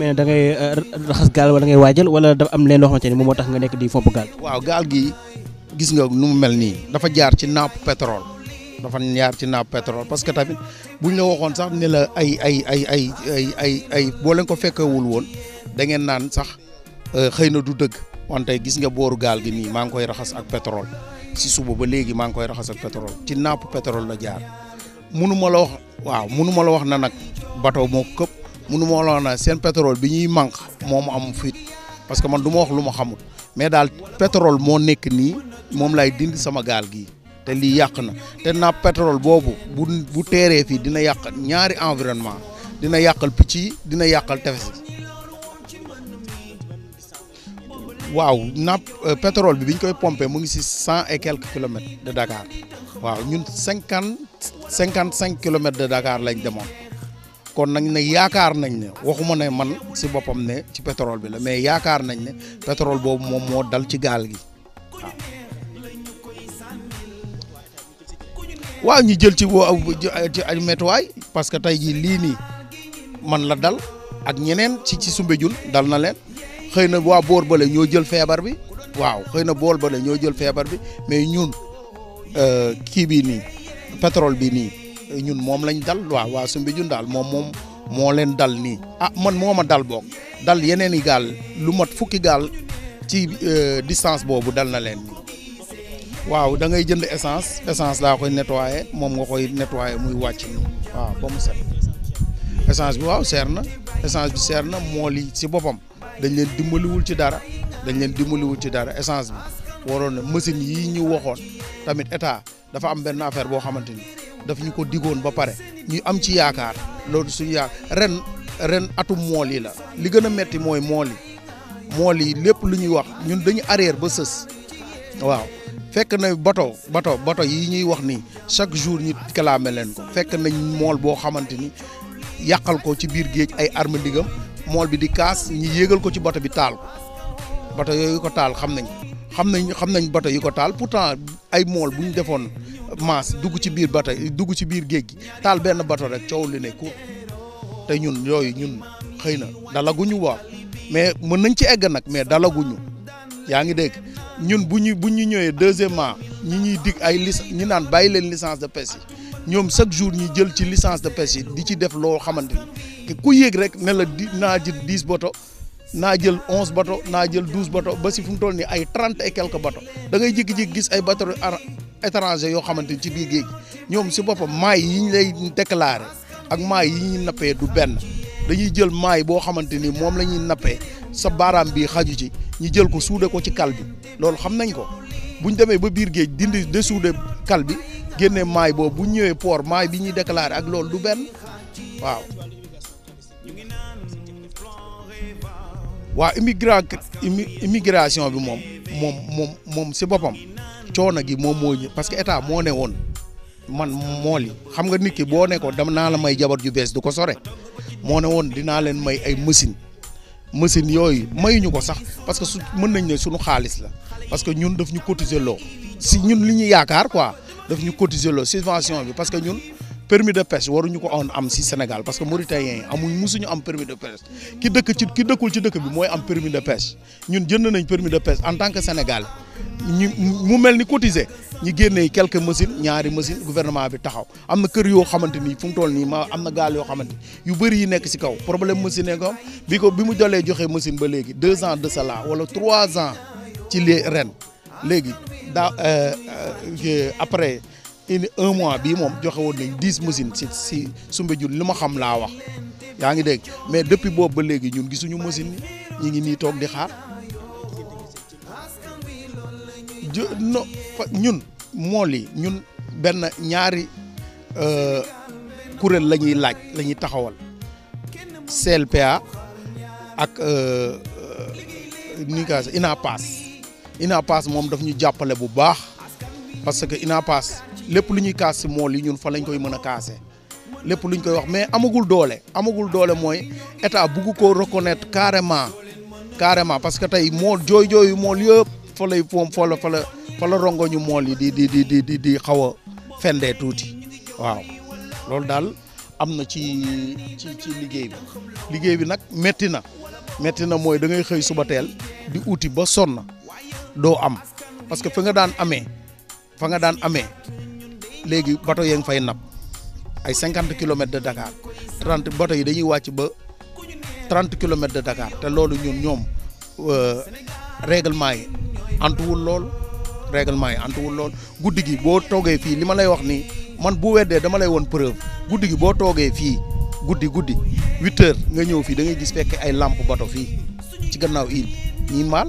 mel ne da ngay euh, raxas gaal wala da ngay waajal wala dafa am leen loo xamante ni moom moo tax nga nekk di fomp gaal. waaw gaal gi gis nga nu mu mel nii dafa jaar ci napp pétrole dafa jaar ci napp pétrole parce que tamit buñ la waxoon sax la ay ay ay ay ay ay ay boo ko fekkewul woon da ngeen naan sax euh, xëy na du dëgg wante gis nga booru gaal gi nii maa ngi koy raxas ak pétrole si suba ba léegi maa ngi koy raxas ak pétrole ci napp pétrole la jaar mënu ma la wax waaw mënu la wax na nag bateau moo këpp munu ma la na seen pétrole bi ñuy manque moo mu am fit parce que man du ma wax lu ma xamul mais daal pétrole moo nekk nii moom lay dind sama gaal gii te lii yàq na te naa pétrole boobu bu bu teeree fii dina yàq ñaari environnement dina yàqal picc yi dina yàqal tefes waaw napp euh, pétrole bi bi ñu koy pompé mu ngi si cent et quelques kilomètres de Dakar waaw ñun cinquante cinquante cinq kilomètres de Dakar lañ demoon kon nag ne yaakaar nañ ne waxuma ne man si boppam ne ci pétrole bi la mais yaakaar nañ ne pétrole boobu moom moo dal ci gaal gi waaw. ñu jël ci ci ay métuwaay parce que tey jii lii nii man la dal ak ñeneen ci ci Soumbédioune dal na leen xëy na waa boor bale ñoo jël feebar bi waaw xëy na bool ba bale ñoo jël feebar bi mais ñun euh, kii bii nii pétrole bii nii. ñun moom lañ dal waaw waa Soumbédioune daal moom moom moo leen dal nii ah man moo ma dal boog dal yeneen i gaal lu mat fukki gaal ci euh, distance boobu dal na leen waaw da ngay jënd essence essence laa koy nettoyer moom nga koy nettoyer muy wàcc nii waaw ba mu set essence bi waaw seer na essence bi seer na moo yi si boppam dañ leen dimbaliwul ci dara dañ leen dimbaliwul ci dara essence bi waroon na machine yii ñu waxoon tamit état dafa am benn affaire boo xamante ni daf ñu ko diggoon ba pare ñu am ci yaakaar loolu suñu yaakaar ren ren atum mool yi la li gën a metti mooy mool yi mool yi lépp lu ñuy wax ñun dañu arrière ba sës waaw fekk na bato bato bato yi ñuy wax nii chaque jour ñu kalaame leen ko fekk nañ mool boo xamante ni yàqal ko ci biir géej ay arme mool bi di kaas ñu yéegal ko ci bato bi taal ko bato yooyu ko taal xam nañ xam nañ xam nañ bato yi ko taal pourtant ay mool bu ñu defoon maas dugg ci biir bato dugg ci biir géej gi taal benn bato rek coow li ne ku te ñun yooyu ñun xëy na dalaguñu waaw mais mën nañ ci egg nag mais dalaguñu yaa ngi dégg ñun bu ñu bu ñu ñëwee deuxièmement ñi ñuy dikk ay licence ñi naan bàyyi leen licence de pêche yi ñoom chaque jour ñu jël ci licence de pêche yi di ci def loo xamante ku yéeg rek ne la di naa jël dix bato naa jël onze bato naa jël douze bato ba si fu mu toll nii ay trente et quelques bato da ngay jékki-jékki gis ay bato étranger yoo xamante ni ci biir géej gi ñoom si boppam maay yi ñu lay déclaré ak maay yi ñuy nappee du benn dañuy jël maay boo xamante ni moom la ñuy nappee sa baaraam bi xaju ci ñu jël ko suude ko ci kal bi loolu xam nañ ko bu ñu demee ba biir géej dindi de suude kal bi génne maay boobu bu ñëwee port maay bi ñuy déclaré ak loolu du benn waaw. immigration bi moom moom moom moom si boppam. coono gi moom moo parce que état moo ne woon man mool yi xam nga nit ki boo nekkoon ko dama naa la may jabar ju bees du ko sore moo ne woon dinaa leen may ay machine machine yooyu mayuñu ko sax parce que su mën nañ ne sunu xaalis la parce que ñun daf ñu cotiser loo si ñun li ñu yaakaar quoi daf ñu cotiser loo subvention bi parce que ñun permis de pêche waruñu ko on am si Sénégal parce que Mauritaniens yi amuñ musuñu am permis de pêche ki dëkk ci ki dëkkul ci dëkk bi mooy am permis de pêche ñun jënd nañ permis de pêche en tant que Sénégal ñu mu mel ni cotiser ñi génnee quelque machines ñaari machines gouvernement bi taxaw am na kër yoo xamante ni fu mu toll nii ma am na gaal yoo xamante yu bëri yi nekk si kaw problème machine yi nga ko bi mu jolee joxe machine ba léegi deux ans de cela wala trois ans ci li ren léegi daa euh, euh, euh, après une un mois bii moom joxe woon nañ dix machines si si Soumbédioune li ma xam laa wax yaa ngi dégg mais depuis boobu ba léegi ñun gisuñu machine yi ñu ngi nii toog di xaar. ñun mool yi ñun benn ñaari euh, kuréel la ñuy laaj la ñuy taxawal CLPA ak euh, euh, ni nga INAPAS INAPAS moom daf ñu jàppale bu baax parce que INAPAS lépp lu ñuy kaas si mool yi ñun fa lañ koy mën a kaase lépp lu ñu koy wax mais amagul doole amagul doole mooy état bugg ko reconnaître carrément carrément parce que tey mool jooy jooyu mool yëpp fa lay foom fa la fa la rongoñu mool yi di di di di di di xaw a fendee tuuti waaw loolu daal am na ci ci ci liggéey bi liggéey bi nag metti na metti na mooy da ngay xëy suba teel di uti ba sonn doo am parce que fa nga daan amee fa nga daan amee léegi bato yaa fay napp ay cinquante kilomètres de Dakar trente bato yi dañuy wàcc ba trente kilomètres de dakaar te loolu ñun ñoom euh, règlement yi antuwul lool règlement yi antuwul lool guddi gi boo toogee fii li ma lay wax nii man bu weddee dama lay woon preuve guddi gi boo toogee fii guddi guddi huit heures nga ñëw fii da ngay gis fekk ay làmp bato fii ci gannaaw île bi ñuy mbaal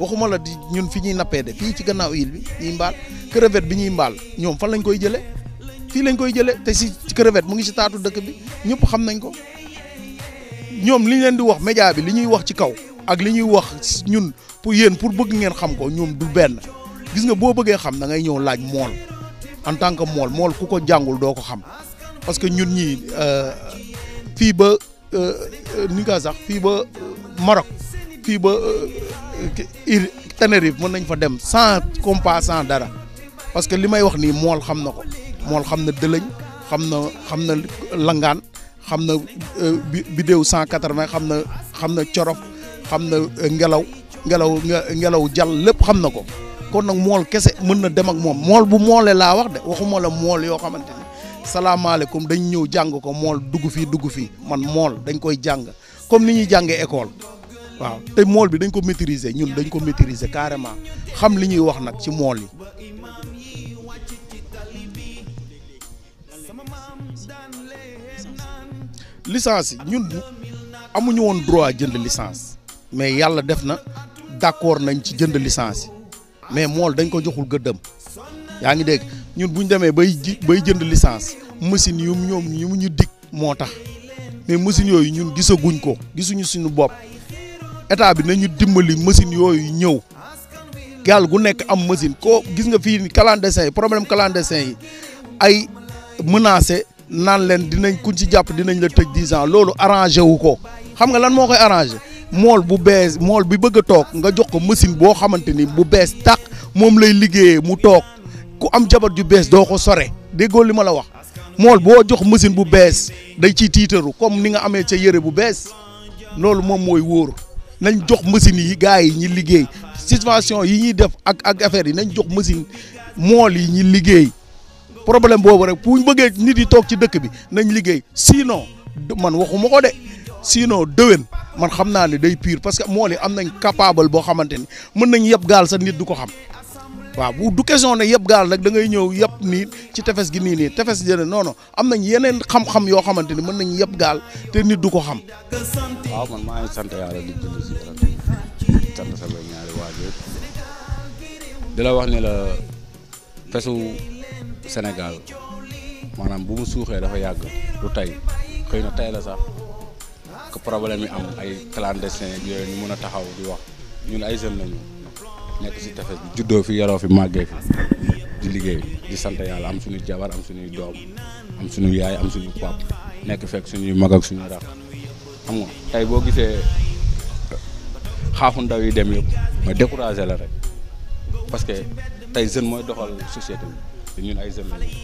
waxuma la di ñun fi ñuy nappee de fii ci gannaaw île bi ñuy mbaal crevette bi ñuy mbaal ñoom fan lañ koy jëlee fii lañ koy jëlee te si crevette mu ngi si taatu dëkk bi ñëpp xam nañ ko ñoom li leen di wax média bi li ñuy wax ci kaw ak li ñuy wax ñun pour yéen pour bëgg ngeen xam ko ñoom du benn gis nga boo bëggee xam da ngay ñëw laaj mool en tant que mool mool ku ko jàngul doo ko xam parce que ñun ñii euh, fii ba euh, ni sax fii ba euh, Maroc fii ba Tenerife mën nañ fa dem sans compas sans dara parce que li may wax nii mool xam na ko mool xam na dëlëñ xam na xam na langaan xam na bidéew cent quatre-vingt xam na xam na corof xam na euh, ngelaw ngelaw ngelaw jàll lépp xam na ko kon nag mool kese mën na dem ak moom mool bu moolee laa wax de waxuma la mool yoo xamante ne salaamaaleykum dañ ñëw jàng ko mool dugg fii dugg fii man mool dañ koy jàng comme ni ñuy jàngee école waaw te mool bi dañ ko maîtriser ñun dañ ko maîtriser carrément xam li ñuy wax nag ci mool yi. licence yi ñun amuñu woon droit jënd licence. mais yàlla def na d'accord nañ ci jënd licence yi mais mool dañ ko joxul gëddam yaa ngi dégg ñun bu ñu demee bay bay jënd licence machine yu ñoom yu mu ñu dig moo tax mais machine yooyu ñun gisaguñ ko gisuñu suñu bopp état bi nañu dimbali machine yooyu ñëw gaal gu nekk am machine ko gis nga fii clandestin yi problème clandestin yi ay menacé naan leen dinañ kuñ ci jàpp dinañ la tëj 10 ans loolu arrangé wu ko xam nga lan moo koy arrangé mool bu bees mool bi bëgg a toog nga jox ko machine boo xamante ni bu bees tàq moom lay liggéeyee mu toog ku am jabar ju bees doo ko sore déggoo li ma la wax mool boo jox machine bu bees day ciy tiitaru comme ni nga amee ca yëre bu bees loolu moom mooy wóor nañ jox machine yi gars yi ñi liggéey situation yi ñuy def ak ak affaire yi nañ jox machine mool yi ñi liggéey problème boobu rek pour ñu bëggee nit yi toog ci dëkk bi nañ liggéey sinon man waxuma ko de sinon déwén man xam naa ne day piir parce que moo li am nañ capable boo xamante ni mën nañ yëpp gaal sa nit du ko xam waaw bu du question ne yëpp gaal nag da ngay ñëw yëpp nii ci tefes gi nii nii tefes jëne noonu am nañ yeneen xam-xam yoo xamante ni mën nañ yëpp gaal te nit du ko xam. waaw man maa ngi sant yàlla di jënd si yàlla di la wax ne la fesu Sénégal maanaam bu mu suuxee dafa yàgg du tey xëy na tey la sax. ñàkk problème yi am ay clandestin yooyu ñu mën a taxaw di wax ñun ay jeunes lañu nekk si tefes bi juddoo fi yaroo fi màggee fi di liggéey di sant yàlla am suñu jabar am suñuy doom am suñu yaay am suñu pap nekk fekk suñuy mag ak suñu rakk am nga tey boo gisee xaafu ndaw yi dem yëpp ma découragé la rek parce que tey jeune mooy doxal société bi te ñun ay jeunes lañu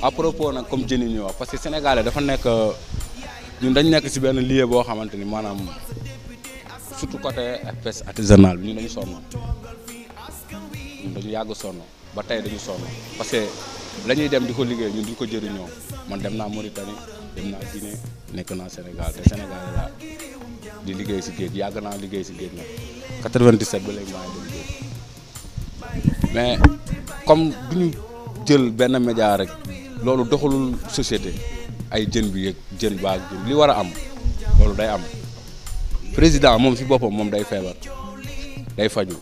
à nag comme jëni ñu wax parce que dafa nekk ñun dañu nekk si benn lieu boo xamante ni maanaam surtout côté pêche artisanale bi ñun dañu sonn ñun dañu yàgg sonn ba tey dañu sonn parce que la dem di ko liggéey ñun duñ ko jëriñoo man dem naa Mauritanie dem naa Guinée nekk naa Sénégal te Sénégal laa di liggéey si géej yàgg naa liggéey si géej nag 97 ba léegi maa ngi dem géej mais comme duñu jël benn média rek loolu doxalul société ay jën bi yëg jën baag li war a am loolu day am président moom si boppam moom day feebar day faju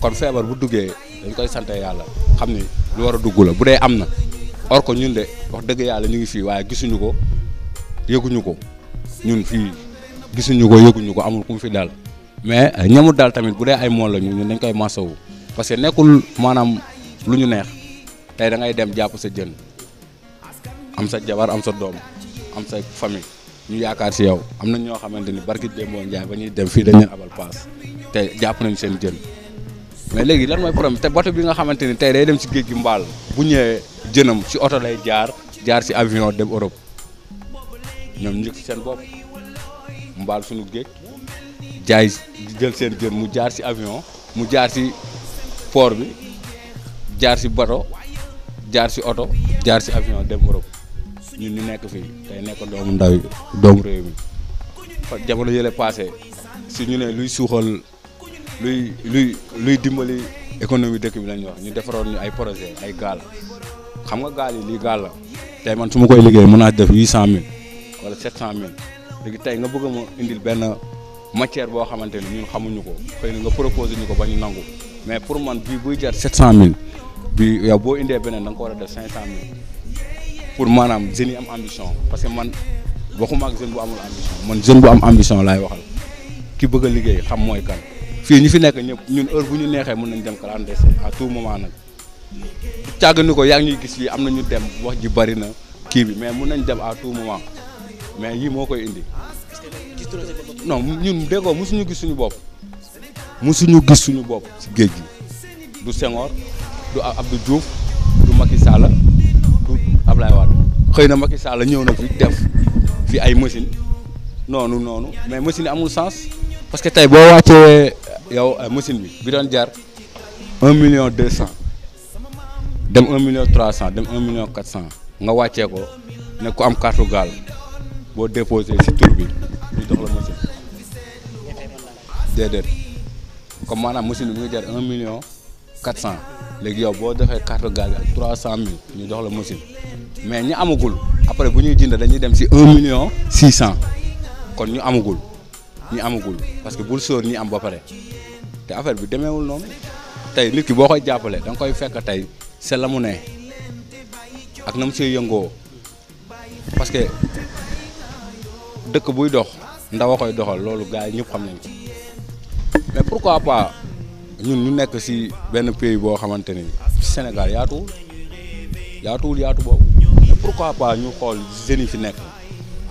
kon feebar bu duggee dañ koy sante yàlla xam ni lu war a dugg la bu dee am na or ko ñun de wax dëgg yàlla ñu ngi fii waaye gisuñu ko yëguñu ko ñun fii gisuñu ko yëguñu ko amul ku mu fi daal mais ñamut daal tamit bu dee ay mool la ñu ñun dañ koy masawu parce que nekkul maanaam lu ñu neex tey da ngay dem jàpp sa jën am sa jabar am sa doom am sa famille ñu yaakaar si yow am na ñoo xamante ni barki Demba Ndiaye ba ñuy dem fii dañ leen abal paas te jàpp nañ seen jën mais léegi lan mooy problème te bato bi nga xamante ni tey day dem si géej gi mbaal bu ñëwee jënam si oto lay jaar jaar si avion dem Europe ñoom ñu seen bopp mbaal suñu géej jaay jël seen jën mu jaar si avion mu jaar si port bi jaar si bato jaar si oto jaar si avion dem Europe. ñun ñu nekk fii tey nekk doomu ndaw yi doomu réew mi parce que jamono yële passé si ñu ne luy suuxal luy luy luy dimbali économie dëkk bi lañ wax ñu defaroon ñu ay projet ay gaal xam nga gaal yi lii gaal la tey man su ma koy liggéey mën naa def huit cent mille wala sept cent mille léegi tey nga bëgg ma indil benn matière boo xamante ni ñun xamuñu ko xëy na nga proposé ñu ko ba ñu nangu mais pour man bii buy jar sept cent mille bi yow boo indee beneen da ko war a def cinq cent pour maanaam jeunes yi am ambition parce que man waxuma ak jeune bu amul ambition man jeune bu am ambition laay waxal ki bëgg a liggéey xam mooy kan fii ñu fi nekk ñëpp ñun heure bu ñu neexee mun nañ dem clandestin à tout moment nag càgg ni ko yaa ngi ñuy gis fii am na ñu dem wax ji bari na kii bi mais mun nañ dem à tout moment mais yii moo koy indi non ñun déggoo musuñu gis suñu bopp musuñu gis suñu bopp si géej gi du Senghor du Abdou juuf du Macky Sall Ablaye Wade xëy na Macky saala ñëw na fi def fi ay machine noonu noonu mais machine yi amul sens parce que tey boo wàccee yow euh, machine bi bi doon jar un million deux cent dem un million trois cent dem un million quatre cent nga wàccee ko ne ku am carte gaal boo déposé si tur bi ñu jox la machine déedéet comme maanaam machine bi mu jar un million quatre cent léegi yow boo defee carte gaal bi trois cent mille ñu jox la machine mais ñu amagul après bu ñuy jënd dañuy dem si un million six cent kon ñu amagul ñu amagul parce que bul sóor ñi am ba pare te affaire bi demeewul noonu tey nit ki boo koy jàppale danga koy fekk tey c'est la mu ne ak na mu siy yëngoo parce que dëkk buy dox ndaw a koy doxal loolu gars yi ñëpp xam nañ ko mais pourquoi pas ñun ñu nekk si benn pays boo xamante ni Sénégal yaatuwul yaatuwul yaatu boobu. pourquoi pas ñu xool jeunes yi fi nekk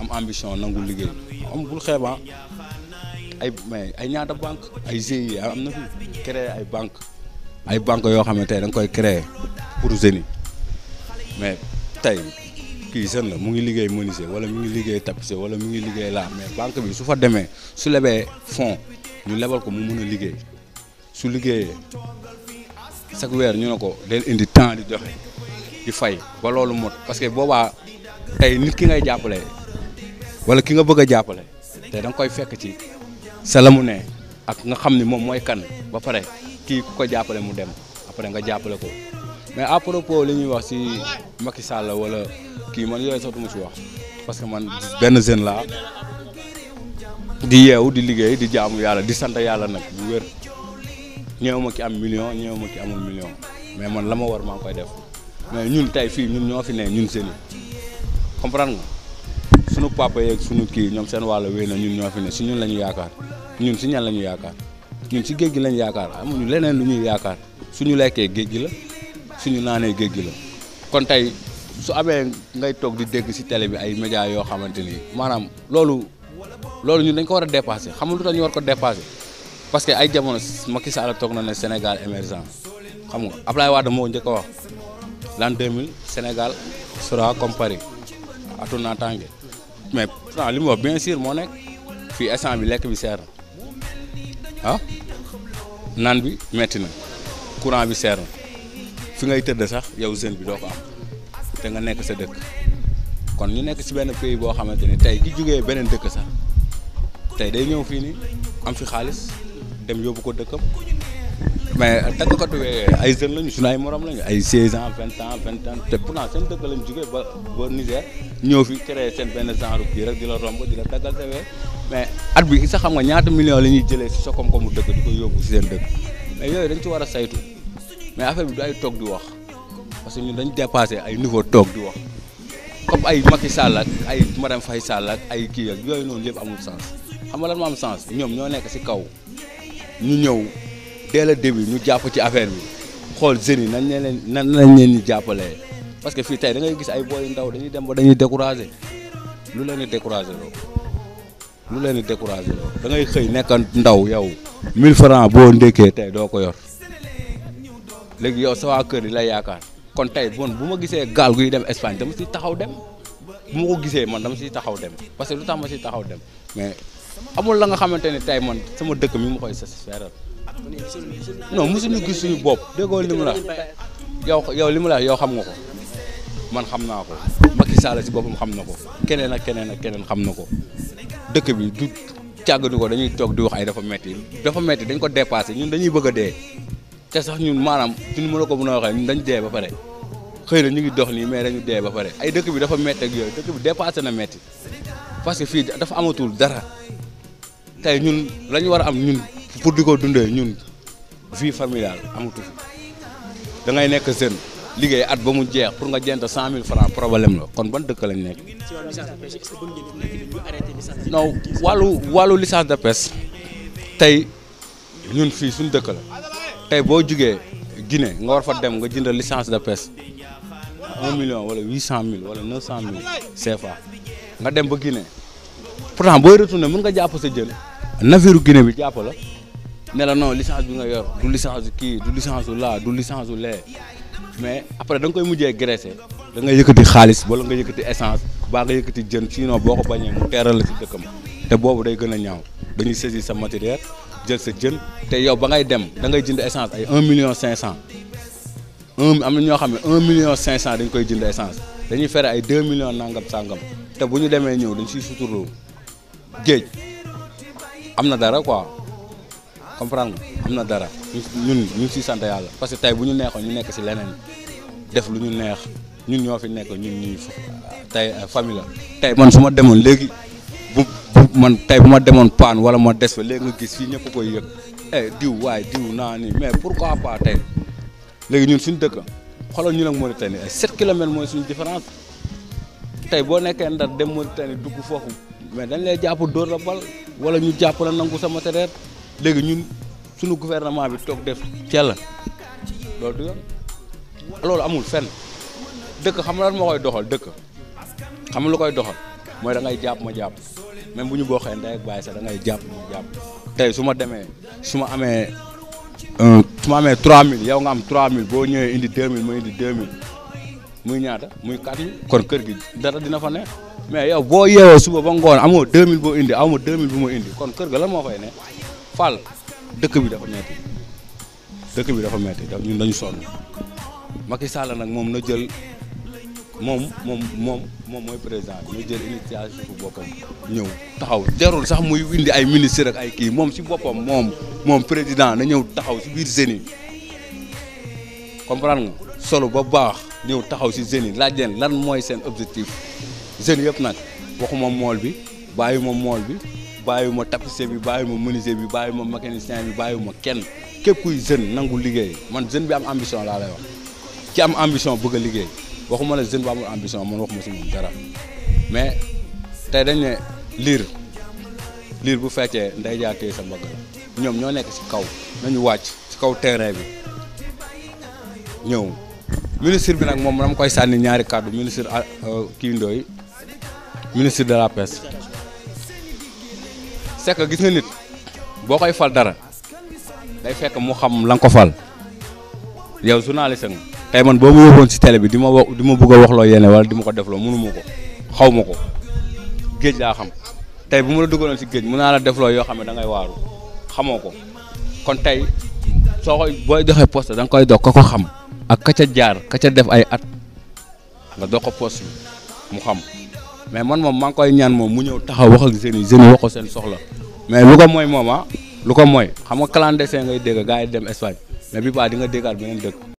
am ambition nangu liggéey am bul xeeba ah. ay mais ay ñaata banque ay GIE am na fi créer ay banque ay banque yoo xam ne tey nga koy créer pour jeunes mais tey kii jeune la mu ngi liggéey menuisier wala mu ngi liggéey tapissier wala mu ngi liggéey laa mais banque bi su fa demee su lebee fonds ñu lebal ko mu mun a liggéey su liggéeyee chaque weer ñu ne ko leen indi temps di joxe di fay ba loolu mot parce que boobaa tey nit ki ngay jàppale wala ki nga bëgg a jàppale tey da nga koy fekk ci sa ak nga xam ni moom mooy kan ba pare kii ko jàppale mu dem après nga jàppale ko mais à propos li ñuy wax si Macky Sall wala kii man yooyu sax du ma si wax parce que man benn jeune laa di yeewu di liggéey di jaamu yàlla di sant yàlla nag bu wér ñëw ma ki am million ñëw ma ki amul million mais man la ma war maa ngi koy def. mais ñun tey fii ñun ñoo fi ne ñun seen comprendre nga suñu papa yeeg suñu kii ñoom seen wàllu wéy na ñun ñoo fi ne su ñun la ñu yaakaar ñun si ñan la ñu yaakaar ñun si géej gi lañ yaakaar amuñu leneen lu ñuy yaakaar suñu lekkee géej gi la su ñu naanee géej gi la kon tey su amee ngay toog di dégg si tele bi ay médias yoo xamante ni maanaam loolu loolu ñun dañ ko war a dépassé xam lu tax ñu war ko dépassé parce que ay jamono Macky Sall toog na ne Sénégal émergent xam nga Ablaye Wade moo njëkk wax l'an 2000 Sénégal sera comme Paris à tout naataange mais pourtant li mu bien sûr moo nekk fii instant bi lekk bi seer na ah naan bi metti na courant bi seer na fi ngay tëdd sax yow jeune bi doo ko am te nga nekk sa dëkk kon ñu nekk ci benn pays boo xamante ni tey ki jógee beneen dëkk sax tey day ñëw fii ni am fi xaalis dem yóbbu ko dëkkam mais tàggkatu ay jeunes lañu suñu ay morom lañu ay 16 ans 20 ans 20 ans te pourtant seen dëkk lañ jógee ba ba Niger ñëw fi créé seen benn genre kii rek di la romb di la tàggal sa wee mais at bi sax xam nga ñaata millions la ñuy jëlee si sa koom-koomu dëkk di ko yóbbu si seen dëkk mais yooyu dañ ci war a saytu mais affaire bi du ay toog di wax parce que ñun dañ dépassé ay niveau toog di wax comme ay Macky Sall ak ay Marème Faye Sall ak ay kii ak yooyu noonu yëpp amul sens xam nga lan moo am sens ñoom ñoo nekk si kaw ñu ñëw. dès le ñu jàpp ci affaire bi xool jeunes yi nan leen nan lañ leen ñu jàppalee parce que fii tey dangay gis ay booy ndaw dañuy dem ba dañuy découragé lu leen di découragé loo lu leen découragé loo da ngay xëy nekk ndaw yow 1000 francs boo ndékkee tey doo ko yor léegi yow sa waa kër yi lay yaakaar kon tey bon bu ma gisee gaal guy dem Espagne dama si taxaw dem bu ma ko gisee man dama siy taxaw dem parce que lu tax ma siy taxaw dem mais amul la nga xamante ne tey man sama dëkk mi ma koy satisfaire non mosuñu gis suñu bopp déggoo li mu la yow yow li mu la xam nga ko man xam naa ko Macky Sall si boppam xam na ko keneen ak keneen ak keneen xam na ko dëkk bi du càggatu ko dañuy toog di wax ay dafa metti dafa metti dañ ko dépassé ñun dañuy bëgg a dee te sax ñun maanaam suñu mën a ko mën a waxee ñun dañ dee ba pare xëy na ñu ngi dox nii mais dañu dee ba pare ay dëkk bi dafa metti ak yooyu dëkk bi dépassé na metti parce que fii dafa amatul dara tey ñun lañu war a am ñun pour di ko dundee ñun vie familiale amatu fi da ngay nekk jeune liggéey at ba mu jeex pour nga jënd cent mille francs problème la kon ban dëkk lañ nekk. non wàllu wàllu licence de pêche tey ñun fii suñ dëkk la tey boo jugee Guinée nga war fa dem nga jënd licence de pêche un million wala huit cent mille wala neuf cent mille CFA nga dem ba Guinée pourtant booy retourné mën nga jàpp sa jën. navire Guinée bi jàpp la. ne la non bi nga yor du licence kii du licence laa du licence lee mais après da koy mujjee graissé da nga yëkkati xaalis wala nga yëkkati essence baa nga yëkkati jën sinon boo ko bañee mu teeral la si dëkkam te boobu day gën a ñaaw dañuy saisir sa matériel jël sa jën te yow ba ngay dem da ngay jënd essence ay un million 500 un am na ñoo xam ne 1 million 500 dañ koy jënd essence dañuy fere ay 2 millions nangam sàngam te bu ñu demee ñëw dañ siy suturloo na dara quoi. comprendre nga am na dara ñun ñu ngi siy sant yàlla parce que tey bu ñu neexoon ñu nekk si leneen def lu ñu neex ñun ñoo fi nekk ñun ñuy tey euh, famille la tey man su ma demoon léegi bu man tey bu ma demoon paan wala ma des fa léegi nga gis fii ñëpp koy yëg eh, diw waaye diw naa ni mais pour pourquoi pas tey léegi ñun suñu dëkk xoolal ñu nag Mauritanie ay 7 kilomètres mooy suñu différence tey boo nekkee Ndar dem Mauritanie dugg foofu mais dañ lay jàpp dóor la bal wala ñu jàpp la nangu sa matériel léegi ñun sunu gouvernement bi toog def cell loolu du yoon loolu amul fenn dëkk xam la moo koy doxal dëkk xam lu koy doxal mooy dangay jàpp ma jàpp même bu ñu boo xee ndey ak bàyyi da ngay jàpp ma jàpp tey su demee su ma amee su ma amee 3000 yow nga am 3000 boo ñëwee indi 2000 ma indi 2000 muy ñaata muy 4000 kon kër gi dara dina fa ne mais yow boo yeewoo suba ba ngoon amoo 2000 boo indi amoo 2000 bu ma indi kon kër ga la moo fay ne Fall dëkk bi dafa metti dëkk bi dafa metti ñun dañu sonn Macky Sall nag moom na jël moom moom moom moom mooy président bi jël initiative bu boppam ñëw taxaw jarul sax muy indi ay ministre ak ay kii moom si boppam moom moom président na ñëw taxaw si biir jeunes yi comprendre nga solo ba baax ñëw taxaw si jeunes yi laaj leen lan mooy seen objectif jeunes yëpp nag waxuma mool bi bàyyi mool bi bàyyi ma tapissier bi bàyyi ma menuisier bi bàyyi ma mécanicien bi bàyyi ma kenn képp kuy jeune nangu liggéey man jeune bi am ambition laa lay wax ci am ambition bëgg a liggéey waxuma la jeune bu amul ambition man waxuma si moom dara mais tey dañ ne liir liir bu fekkee nday jaatee sa mbagg la ñoom ñoo nekk si kaw nañu wàcc si kaw terrain bi ñëw ministre bi nag moom dama koy sànni ñaari kàddu ministre euh, kii Ndoye ministre de la pêche c'est gis nga nit boo koy fal dara day fekk mu xam lan ko fal yow journaliste nga tey man boo ma yóbboon si télé bi di ma wax di ma bëgg a wax loo yéene wala di ma ko def loo mënu ko xaw ma ko géej laa xam tey bu ma la dugaloon si géej mën naa la def loo yoo xam ne da ngay waaru xamoo ko kon tey soo koy booy doxee poste da nga koy dox ka ko xam ak ka ca jaar ka def ay at nga dox ko poste bi mu xam. mais man moom man ngi koy ñaan moom mu ñëw taxaw wax ak jeunes yi jeunes yi seen soxla mais lu ko mooy moom ah, lu ko mooy xam nga clandestin ngay dégg gars yi dem Espagne mais bi baa di nga déggaat beneen dëkk